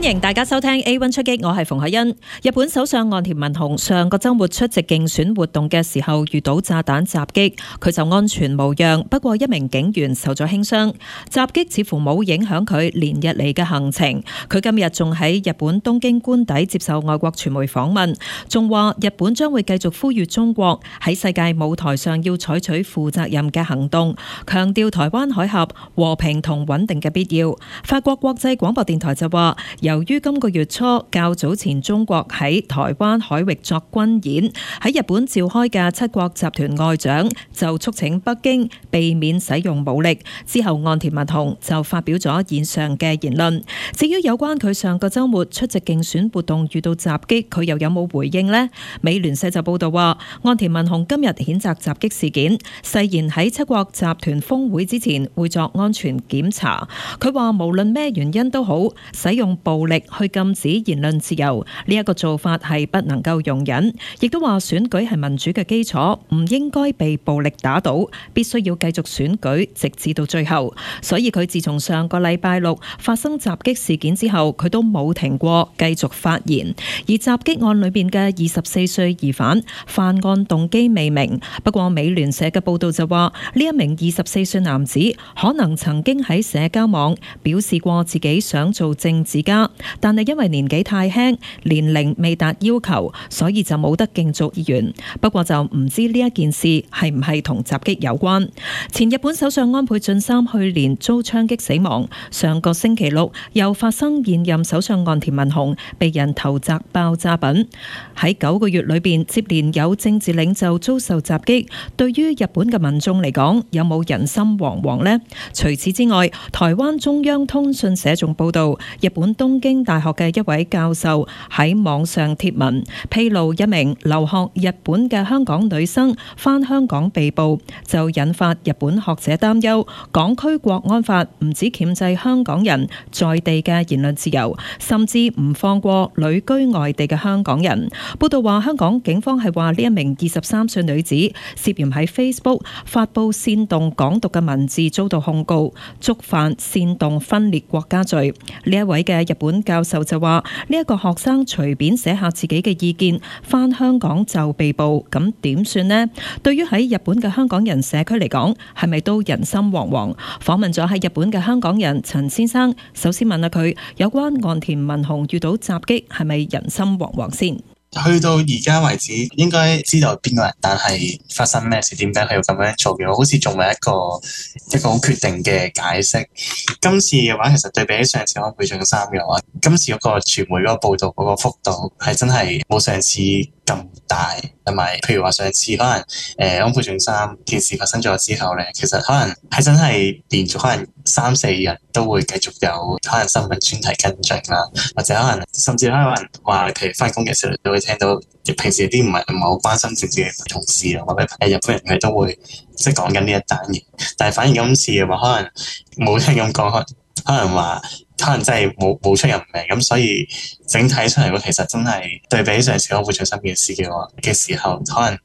歡迎大家收聽 A1 出擊，我係馮海欣。日本首相岸田文雄上個周末出席競選活動嘅時候遇到炸彈襲擊，佢就安全無恙，不過一名警員受咗輕傷。襲擊似乎冇影響佢連日嚟嘅行程，佢今日仲喺日本東京官邸接受外國傳媒訪問，仲話日本將會繼續呼籲中國喺世界舞台上要採取負責任嘅行動，強調台灣海峽和平同穩定嘅必要。法國國際廣播電台就話。由於今個月初較早前中國喺台灣海域作軍演，喺日本召開嘅七國集團外長就促請北京避免使用武力。之後，岸田文雄就發表咗以上嘅言論。至於有關佢上個週末出席競選活動遇到襲擊，佢又有冇回應呢？美聯社就報道話，岸田文雄今日譴責襲擊事件，誓言喺七國集團峰會之前會作安全檢查。佢話無論咩原因都好，使用暴暴力去禁止言論自由，呢一個做法係不能夠容忍。亦都話選舉係民主嘅基礎，唔應該被暴力打倒，必須要繼續選舉，直至到最後。所以佢自從上個禮拜六發生襲擊事件之後，佢都冇停過，繼續發言。而襲擊案裏邊嘅二十四歲疑犯，犯案動機未明。不過美聯社嘅報道就話，呢一名二十四歲男子可能曾經喺社交網表示過自己想做政治家。但係因為年紀太輕，年齡未達要求，所以就冇得競逐議員。不過就唔知呢一件事係唔係同襲擊有關。前日本首相安倍晉三去年遭槍擊死亡，上個星期六又發生現任首相岸田文雄被人投擲爆炸品。喺九個月裏邊接連有政治領袖遭受襲擊，對於日本嘅民眾嚟講，有冇人心惶惶呢？除此之外，台灣中央通訊社仲報道，日本東。京大學嘅一位教授喺網上貼文披露一名留學日本嘅香港女生返香港被捕，就引發日本學者擔憂，港區國安法唔止鉗制香港人在地嘅言論自由，甚至唔放過旅居外地嘅香港人。報道話，香港警方係話呢一名二十三歲女子涉嫌喺 Facebook 發布煽動港獨嘅文字，遭到控告，觸犯煽動分裂國家罪。呢一位嘅日本。本教授就話：呢一個學生隨便寫下自己嘅意見，返香港就被捕，咁點算呢？對於喺日本嘅香港人社區嚟講，係咪都人心惶惶？訪問咗喺日本嘅香港人陳先生，首先問下佢：有關岸田文雄遇到襲擊，係咪人心惶惶先。去到而家為止，應該知道係邊個人，但係發生咩事，點解佢要咁樣做嘅，我好似仲係一個一個好決定嘅解釋。今次嘅話，其實對比起上次安倍晉三嘅話，今次嗰個傳媒嗰個報導嗰個幅度係真係冇上次。咁大，同埋譬如話上次可能誒、呃、安倍晉三件事發生咗之後咧，其實可能係真係連續可能三四日都會繼續有可能新聞專題跟進啦，或者可能甚至可能話，譬如翻工嘅時候都會聽到，平時啲唔係唔係好關心自己嘅同事啊，或者日本人佢都會即係講緊呢一單嘢，但係反而今次嘅話可能冇聽咁講開，可能話。可能真係冇冇，出人命，咁所以整體出嚟，其實真係對比上次嗰副最新嘅事件嘅時候，可能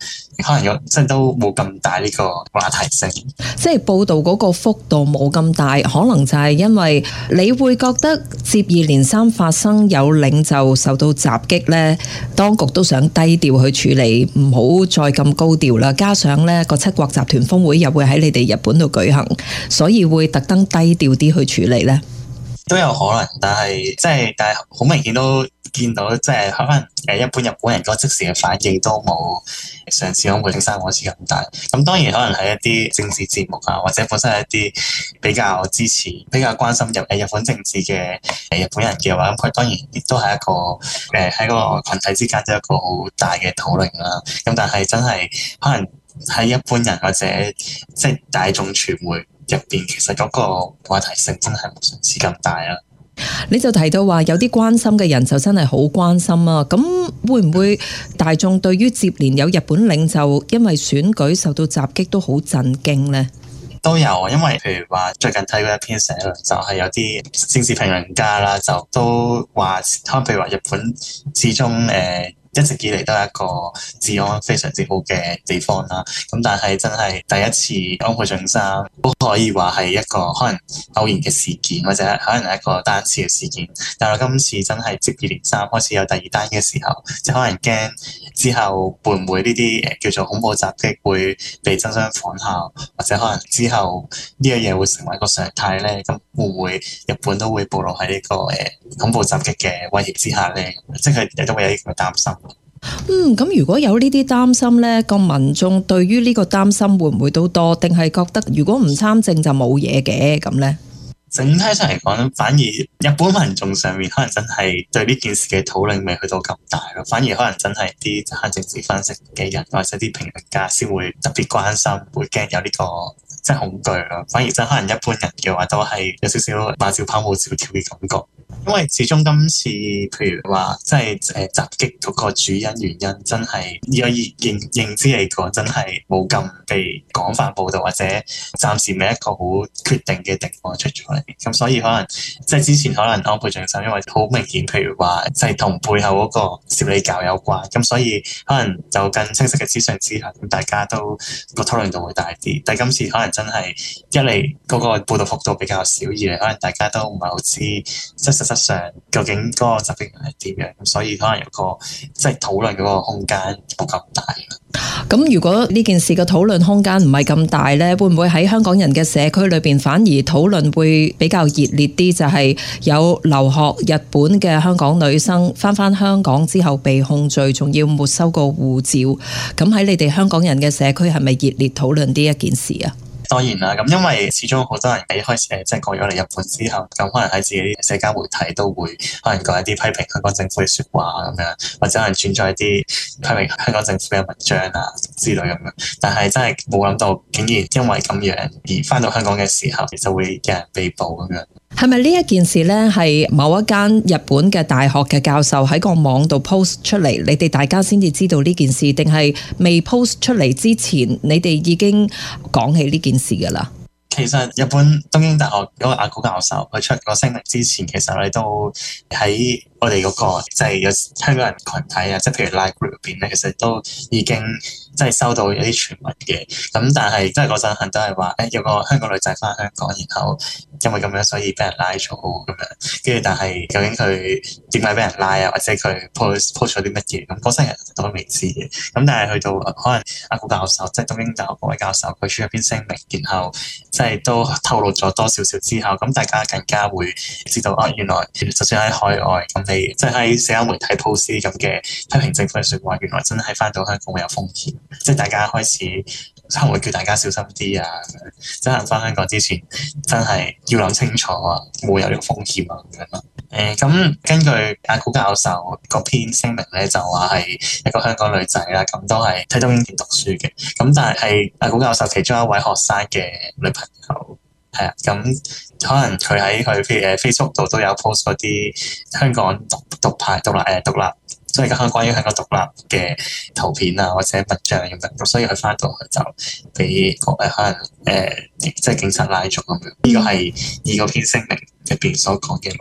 可能有真都冇咁大呢個話題性，即係報道嗰個幅度冇咁大，可能就係因為你會覺得接二連三發生有領袖受到襲擊呢，當局都想低調去處理，唔好再咁高調啦。加上呢個七國集團峰會又會喺你哋日本度舉行，所以會特登低調啲去處理呢。都有可能，但係即係，但係好明顯都見到，即係可能誒一般日本人個即時嘅反應都冇上次安倍先生嗰次咁大。咁當然可能係一啲政治節目啊，或者本身係一啲比較支持、比較關心日日本政治嘅日本人嘅話，咁佢當然亦都係一個誒喺個群體之間有一個好大嘅討論啦。咁但係真係可能喺一般人或者即係大眾傳媒。入邊其實嗰個話題性真係冇上次咁大啦，你就提到話有啲關心嘅人就真係好關心啊，咁會唔會大眾對於接連有日本領袖因為選舉受到襲擊都好震驚呢？都有，因為譬如話最近睇過一篇社論，就係有啲政治評論家啦，就都話，譬如話日本始終誒。一直以嚟都係一個治安非常之好嘅地方啦，咁但係真係第一次安倍晉三都可以話係一個可能偶然嘅事件，或者可能係一個單次嘅事件。但係今次真係接二連三開始有第二單嘅時候，即係可能驚之後會唔會呢啲誒叫做恐怖襲擊會被爭相仿效，或者可能之後呢樣嘢會成為一個常態呢？咁會唔會日本都會暴露喺呢、這個誒、呃、恐怖襲擊嘅威脅之下呢？即係佢都會有呢個擔心。嗯，咁如果有擔呢啲擔心咧，民眾個民眾對於呢個擔心會唔會都多，定係覺得如果唔參政就冇嘢嘅咁咧？呢整體上嚟講，反而日本民眾上面可能真係對呢件事嘅討論未去到咁大咯，反而可能真係啲真政治分析嘅人或者啲評論家先會特別關心，會驚有呢、這個即係恐懼咯。反而真可能一般人嘅話都係有少少馬小跑、無處跳嘅感覺。因為始終今次譬如話，即係誒襲擊嗰個主因原因，真係有認認知嚟講，真係冇咁被廣泛報導，或者暫時未一個好決定嘅定案出咗嚟。咁、嗯、所以可能即係之前可能安倍晉三因為好明顯，譬如話即係同背後嗰個小李教有關，咁、嗯、所以可能就更清晰嘅資訊之下，咁大家都個討論度會大啲。但係今次可能真係一嚟嗰個報導幅度比較少，二嚟可能大家都唔係好知實實。究竟嗰個襲擊係點樣？所以可能有個即係討論嗰個空間唔夠咁大。咁如果呢件事嘅討論空間唔係咁大呢，會唔會喺香港人嘅社區裏邊反而討論會比較熱烈啲？就係、是、有留學日本嘅香港女生翻返香港之後被控罪，仲要沒收個護照。咁喺你哋香港人嘅社區係咪熱烈討論呢一件事啊？當然啦，咁因為始終好多人喺一開始即係、就是、過咗嚟日本之後，咁可能喺自己啲社交媒體都會可能講一啲批評香港政府嘅説話咁樣，或者可能轉載一啲批評香港政府嘅文章啊。之類咁樣，但係真係冇諗到，竟然因為咁樣而翻到香港嘅時候，就會有人被捕咁樣。係咪呢一件事呢？係某一間日本嘅大學嘅教授喺個網度 post 出嚟，你哋大家先至知道呢件事，定係未 post 出嚟之前，你哋已經講起呢件事噶啦？其實日本東京大學嗰個阿古教授佢出個聲明之前，其實你都喺我哋嗰、那個即係、就是、有香港人群體啊，即係譬如 like group 入邊咧，其實都已經。即係收到有啲傳聞嘅，咁但係即係嗰陣係都係話，誒、欸、有個香港女仔翻香港，然後因為咁樣所以俾人拉咗咁樣，跟住但係究竟佢點解俾人拉啊，或者佢 post post 咗啲乜嘢？咁嗰陣人都未知嘅，咁但係去到可能阿古教授，即係東京大學嗰位教授，佢出一篇聲明，然後即係都透露咗多少少之後，咁大家更加會知道，啊原來就算喺海外，咁你即係、就是、喺社交媒體 post 咁嘅批評政府嘅説話，原來真係翻到香港會有風險。即係大家開始可能會叫大家小心啲啊！真係翻香港之前，真係要諗清楚啊，會有呢個風險啊咁樣咯。誒、呃，咁根據阿古教授嗰篇聲明咧，就話係一個香港女仔啦，咁都係喺東京讀書嘅。咁但係係阿古教授其中一位學生嘅女朋友係啊。咁可能佢喺佢譬如誒 Facebook 度都有 post 嗰啲香港獨獨，獨派獨立誒獨立。所以可能關於香港獨立嘅圖片啊，或者物像咁樣，所以佢翻到去就俾誒可能誒，即係警察拉咗咁樣。呢個係依個篇聲明入邊所講嘅，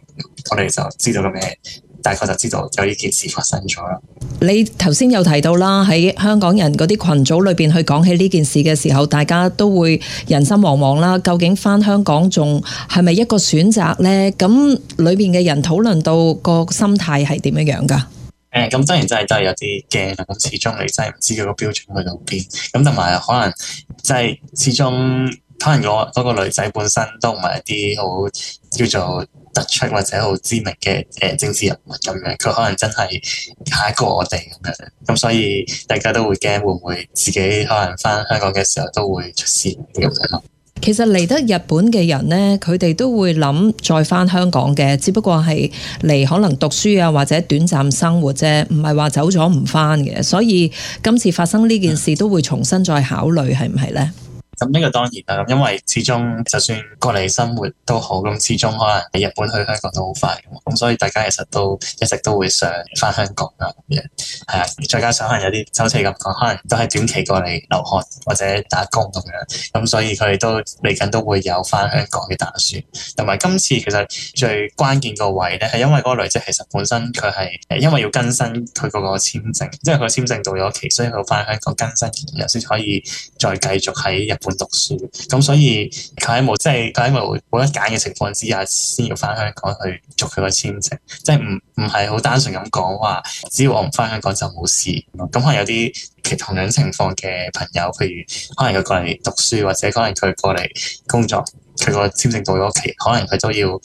我哋就知道咗咩？大概就知道有呢件事發生咗啦。你頭先有提到啦，喺香港人嗰啲群組裏邊去講起呢件事嘅時候，大家都會人心惶惶啦。究竟翻香港仲係咪一個選擇咧？咁裏邊嘅人討論到個心態係點樣樣噶？誒，咁、嗯、當然就係都係有啲驚啦。咁始終你真係唔知佢個標準去到邊，咁同埋可能即係始終，可能嗰嗰個女仔本身都唔係一啲好叫做突出或者好知名嘅誒政治人物咁樣。佢可能真係下一個我哋咁樣。咁所以大家都會驚會唔會自己可能返香港嘅時候都會出事咁樣，樣。其實嚟得日本嘅人呢，佢哋都會諗再返香港嘅，只不過係嚟可能讀書啊或者短暫生活啫，唔係話走咗唔返嘅。所以今次發生呢件事，都會重新再考慮係唔係呢？咁呢個當然啦，咁因為始終就算過嚟生活都好，咁始終可能喺日本去香港都好快，咁所以大家其實都一直都會想翻香港噶咁樣，係啊，再加上可能有啲周次咁講，可能都係短期過嚟留學或者打工咁樣，咁所以佢哋都嚟緊都會有翻香港嘅打算。同埋今次其實最關鍵個位咧，係因為嗰個女職其實本身佢係因為要更新佢嗰個簽證，即係佢個簽證到咗期，所以佢翻香港更新，又先可以再繼續喺日。本讀書，咁所以佢喺冇即係佢喺冇冇得揀嘅情況之下，先要翻香港去續佢個簽證，即係唔唔係好單純咁講話，只要我唔翻香港就冇事。咁可能有啲其同樣情況嘅朋友，譬如可能佢過嚟讀書，或者可能佢過嚟工作，佢個簽證到咗期，可能佢都要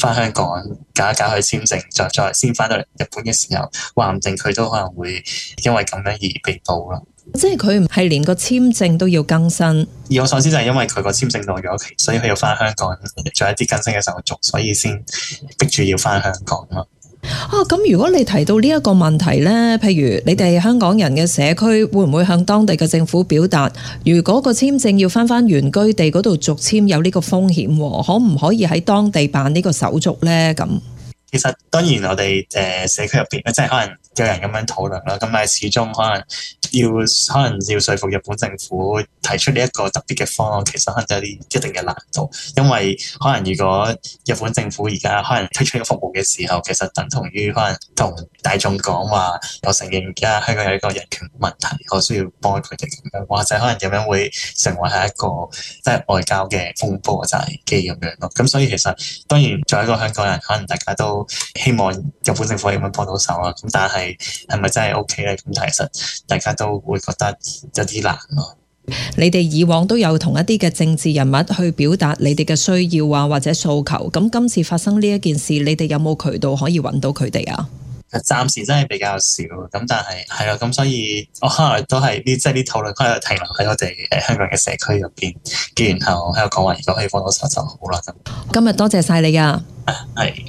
翻香港搞一搞佢簽證，再再先翻到嚟日本嘅時候，話唔定佢都可能會因為咁樣而被捕啦。即係佢唔係連個簽證都要更新，而我所知就係因為佢個簽證過咗期，所以佢要翻香港做一啲更新嘅手續，所以先逼住要翻香港咯。啊，咁如果你提到呢一個問題咧，譬如你哋香港人嘅社區會唔會向當地嘅政府表達，如果個簽證要翻翻原居地嗰度續簽有呢個風險，可唔可以喺當地辦呢個手續呢？咁，其實當然我哋誒、呃、社區入邊，即係可能。有人咁樣討論啦，咁但係始終可能要可能要說服日本政府提出呢一個特別嘅方案，其實可能就有啲一定嘅難度，因為可能如果日本政府而家可能推出一個服務嘅時候，其實等同於可能同大眾講話，我承認而家香港有一個人權問題，我需要幫佢哋咁樣，或者可能咁樣會成為係一個即係外交嘅風波就係機咁樣咯。咁所以其實當然作為一個香港人，可能大家都希望日本政府咁樣幫到手啊，咁但係。係係咪真係 OK 咧？咁其實大家都會覺得有啲難咯，啊。你哋以往都有同一啲嘅政治人物去表達你哋嘅需要啊，或者訴求。咁今次發生呢一件事，你哋有冇渠道可以搵到佢哋啊？暫時真係比較少，咁但係係啦，咁、啊、所以我後來都係呢，即係呢討論區，喺度停留喺我哋誒香港嘅社區入邊，然後喺度講話，如果可以幫到手就好啦。今日多謝晒你噶，啊，係。